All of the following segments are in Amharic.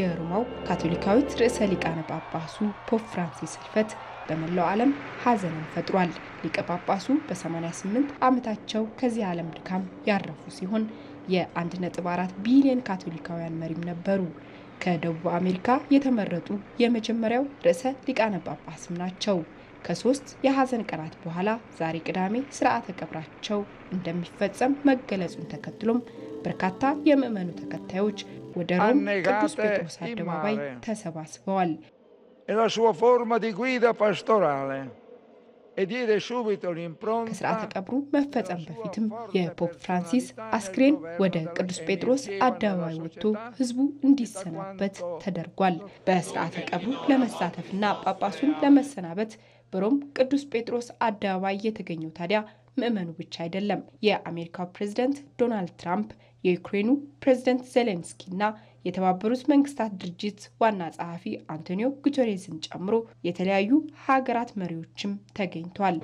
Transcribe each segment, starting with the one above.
የሮማው ካቶሊካዊት ርዕሰ ሊቃነ ጳጳሱ ፖፕ ፍራንሲስ ህልፈት በመላው ዓለም ሐዘንን ፈጥሯል። ሊቀ ጳጳሱ በ88 ዓመታቸው ከዚህ ዓለም ድካም ያረፉ ሲሆን የ1.4 ቢሊዮን ካቶሊካውያን መሪም ነበሩ። ከደቡብ አሜሪካ የተመረጡ የመጀመሪያው ርዕሰ ሊቃነ ጳጳስም ናቸው። ከሶስት የሐዘን ቀናት በኋላ ዛሬ ቅዳሜ ስርዓተ ቀብራቸው እንደሚፈጸም መገለጹን ተከትሎም በርካታ የምዕመኑ ተከታዮች ወደ ሮም ቅዱስ ጴጥሮስ አደባባይ ተሰባስበዋል። e e ከስርዓተ ቀብሩ መፈጸም በፊትም የፖፕ ፍራንሲስ አስክሬን ወደ ቅዱስ ጴጥሮስ አደባባይ ወጥቶ ሕዝቡ እንዲሰናበት ተደርጓል። በስርዓተ ቀብሩ ለመሳተፍና ጳጳሱን ለመሰናበት በሮም ቅዱስ ጴጥሮስ አደባባይ የተገኘው ታዲያ ምዕመኑ ብቻ አይደለም። የአሜሪካው ፕሬዝደንት ዶናልድ ትራምፕ የዩክሬኑ ፕሬዝደንት እና የተባበሩት መንግስታት ድርጅት ዋና ጸሐፊ አንቶኒዮ ጉተሬዝን ጨምሮ የተለያዩ ሀገራት መሪዎችም ተገኝቷል።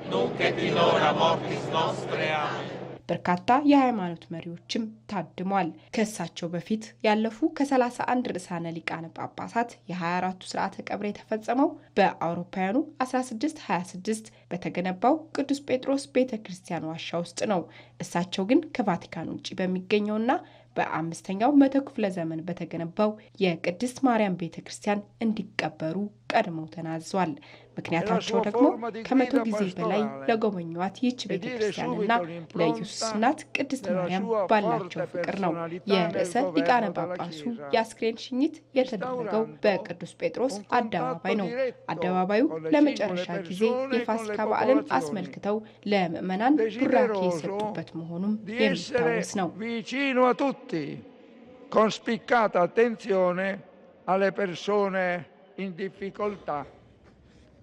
በርካታ የሃይማኖት መሪዎችም ታድሟል። ከእሳቸው በፊት ያለፉ ከ31 ርዕሳነ ሊቃነ ጳጳሳት የ24ቱ ስርዓተ ቀብር የተፈጸመው በአውሮፓውያኑ 1626 በተገነባው ቅዱስ ጴጥሮስ ቤተ ክርስቲያን ዋሻ ውስጥ ነው። እሳቸው ግን ከቫቲካን ውጭ በሚገኘውና በአምስተኛው መቶ ክፍለ ዘመን በተገነባው የቅድስት ማርያም ቤተ ክርስቲያን እንዲቀበሩ ቀድመው ተናዟል። ምክንያታቸው ደግሞ ከመቶ ጊዜ በላይ ለጎበኟት ይህች ቤተ ክርስቲያንና ለኢየሱስ እናት ቅድስት ማርያም ባላቸው ፍቅር ነው። የርዕሰ ሊቃነ ጳጳሱ የአስክሬን ሽኝት የተደረገው በቅዱስ ጴጥሮስ አደባባይ ነው። አደባባዩ ለመጨረሻ ጊዜ የፋሲካ በዓልን አስመልክተው ለምዕመናን ቡራኬ የሰጡበት መሆኑም የሚታወስ ነው። con spiccata attenzione alle persone in difficoltà